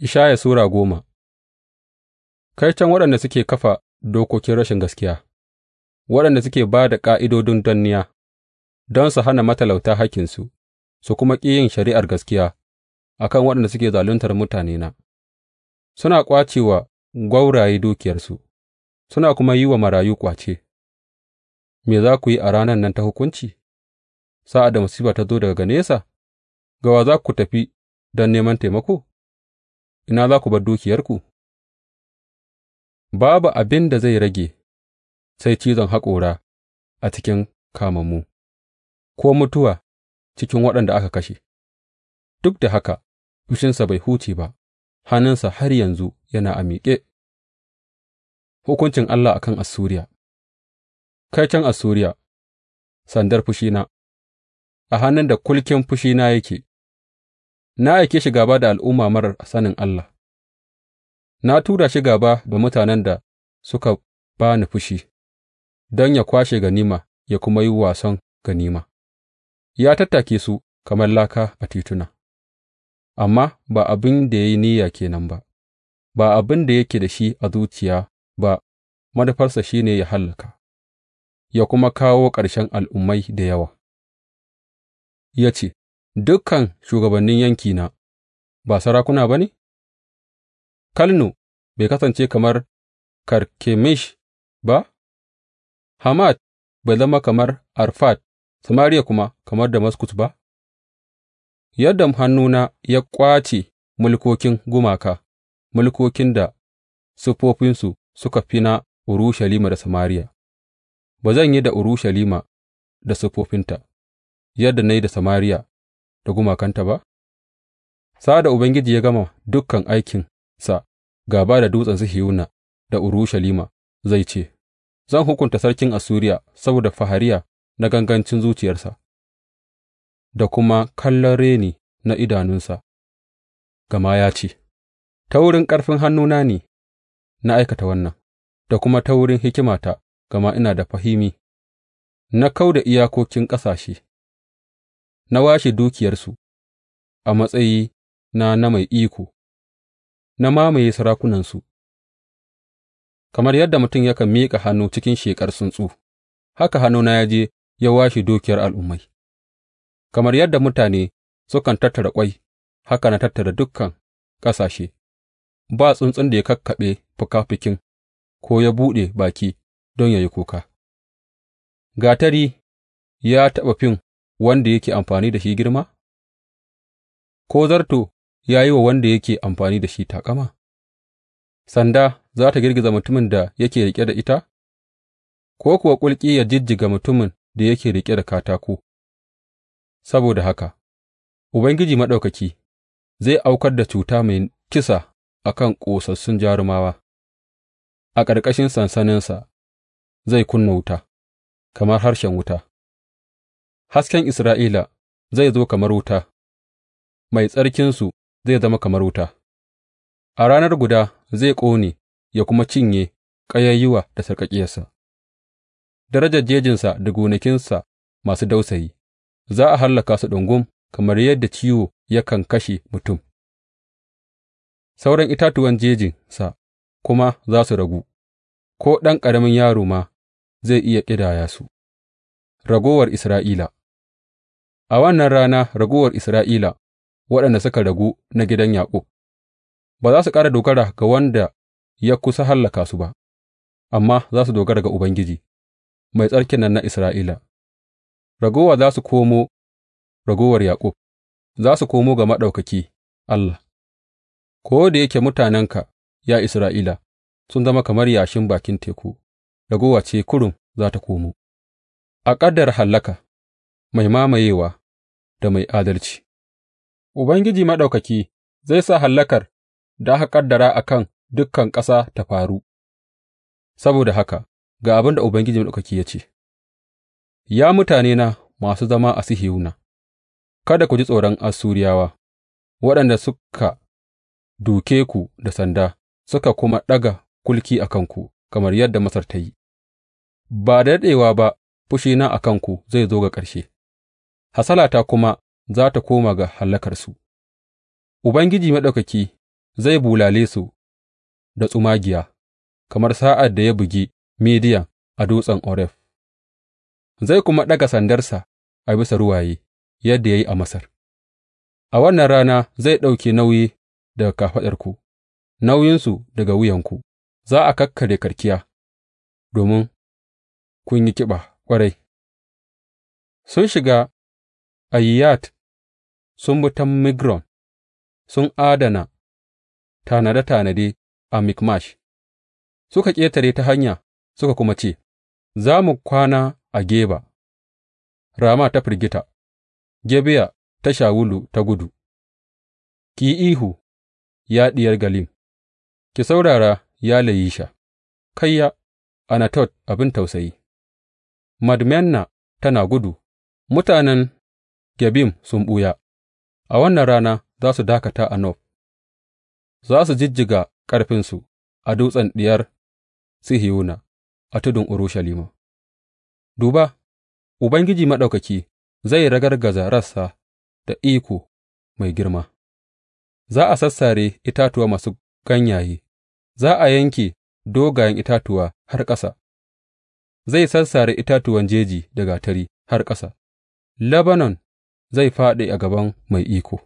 Ishaya Sura goma Kai can waɗanda suke kafa dokokin rashin gaskiya, waɗanda suke ba da ƙa'idodin danniya don su hana matalauta hakkinsu, su kuma ƙi yin shari'ar gaskiya a kan waɗanda suke zaluntar mutanena, suna ƙwace wa gwauraye dukiyarsu, suna kuma yi wa marayu ƙwace, me za ku yi a ranar nan ta hukunci, sa'ad da masifa ta zo daga nesa, ga wa za ku tafi don neman taimako? ina za ku bar dukiyarku, babu abin da zai rage sai cizon haƙora a cikin kamammu, ko mutuwa cikin waɗanda aka kashe, duk da haka fushinsa bai huce ba, hannunsa har yanzu yana a miƙe. Hukuncin Allah a kan Assuriya can Assuriya, sandar fushina, a hannun da kulkin fushina yake. na aike shi gaba da al'umma marar sanin Allah, na tura shi gaba da mutanen da suka ba ni fushi, don ya kwashe ganima ya kuma yi wasan ganima, ya tattake su kamar laka a tituna, amma ba abin da ya yi niyya kenan ba, ba abin da yake da shi a zuciya ba, manufarsa shi ne ya hallaka, ya kuma kawo ƙarshen al'ummai da yawa. Ya ce, Dukan shugabannin yankina ba sarakuna ba ne? Kalno bai kasance kamar Karkemish ba, Hamad bai zama kamar Arfat Samariya kuma kamar Damaskus ba, yadda hannuna ya ƙwace mulkokin gumaka, mulkokin da siffofinsu suka fi na Urushalima da Samariya, ba zan yi da Urushalima da siffofinta yadda na yi da Samariya da gumakanta ba? Sa'ad da Ubangiji ya gama dukan aikinsa gaba da Dutsen Sihiyuna da Urushalima, zai ce, Zan hukunta sarkin asuriya saboda fahariya na gangancin zuciyarsa da kuma kallon reni na idanunsa, gama ya ce, Ta wurin ƙarfin hannuna ne na aikata wannan, da kuma ta wurin hikimata, gama ina da fahimi, na kau da iyakokin ƙasashe. na washe dukiyarsu a matsayina na mai iko, na mamaye sarakunansu, kamar yadda mutum yakan miƙa hannu cikin sheƙar tsuntsu, haka hannuna ya je ya washe dukiyar al'ummai, kamar yadda mutane sukan tattara ƙwai, haka na tattara dukkan ƙasashe, ba tsuntsun da ya kakkaɓe fikafikin ko ya buɗe baki don ya yi kuka. Gatari ya taɓa fin wanda yake amfani da shi girma, ko zarto ya yi wa wanda yake amfani da shi taƙama? Sanda za ta girgiza mutumin da yake riƙe da ita, ko kuwa kulki ya jijjiga mutumin da yake riƙe da katako, saboda haka, Ubangiji Maɗaukaki zai aukar da cuta mai kisa a kan ƙosassun jarumawa, a ƙarƙashin sansaninsa zai kunna wuta, kamar harshen wuta. Hasken Isra'ila zai zo kamar wuta, Mai Tsarkinsu zai zama kamar wuta; a ranar guda zai ƙone ya kuma cinye ƙayayyuwa da sarƙaƙƙiyarsa, darajar jejinsa da gonakinsa masu dausayi za a hallaka su ɗungum kamar yadda ciwo yakan kashe mutum, sauran itatuwan jejinsa kuma za su ragu, ko ɗan ƙaramin yaro ma zai iya ƙidaya su, ragowar Isra'ila. A wannan rana raguwar Isra'ila, waɗanda suka ragu na gidan Yaƙub, ba za su ƙara dogara ga wanda ya kusa hallaka su ba, amma za su dogara ga Ubangiji, Mai Tsarkin nan na Isra'ila; raguwa za su komo raguwar Yaƙub, za su komo ga Maɗaukaki Allah, ko da yake mutanenka, ya Isra'ila, sun zama kamar yashin bakin teku, raguwa ce kurum za ta komo, a ƙaddara hallaka mai mamayewa. da mai adalci, Ubangiji Maɗaukaki zai sa hallakar da aka ƙaddara a kan dukan ƙasa ta faru, saboda haka ga abin da Ubangiji Maɗaukaki ya ce, Ya mutanena masu zama a sihiyuna kada ku ji tsoron Assuriyawa, waɗanda suka duke ku da sanda suka kuma ɗaga kulki a kanku, kamar yadda Masar ta yi, ba da daɗewa ba fushina a kanku zai zo ga ƙarshe. hasalata kuma za tă koma ga hallakarsu; Ubangiji Maɗaukaki zai bulale su da tsumagiya kamar sa'ad da ya bugi Midiyan a dutsen Oref. zai kuma ɗaga sandarsa a bisa ruwaye yadda ya yi a Masar; a wannan rana zai ɗauke nauyi daga kafaɗarku, nauyinsu daga wuyanku, za a kakkare karkiya, domin kun yi kiɓa ƙwarai. Sun shiga Ayyat sun bi ta Migron sun adana tanade tanade a Mikmash; suka ƙetare ta hanya suka kuma ce, Za mu kwana a Geba, Rama ta firgita, Gebiya ta Shawulu ta gudu, Ki yi ihu, ya Diyar Galim, ki saurara, ya Layisha, kayya, Anatot abin tausayi, madmenna tana gudu, mutanen Gebim sun ɓuya; a wannan rana za su dakata a Nob, za su jijjiga ƙarfinsu a Dutsen Diyar Sihiyona, a tudun Urushalima Duba, Ubangiji Maɗaukaki zai ragargaza rassa da iko mai girma; za a sassare itatuwa masu ganyaye, za a yanke dogayen itatuwa har ƙasa, zai sassare itatuwan jeji da gatari har ƙasa. Lebanon zai fāɗi a gaban mai iko.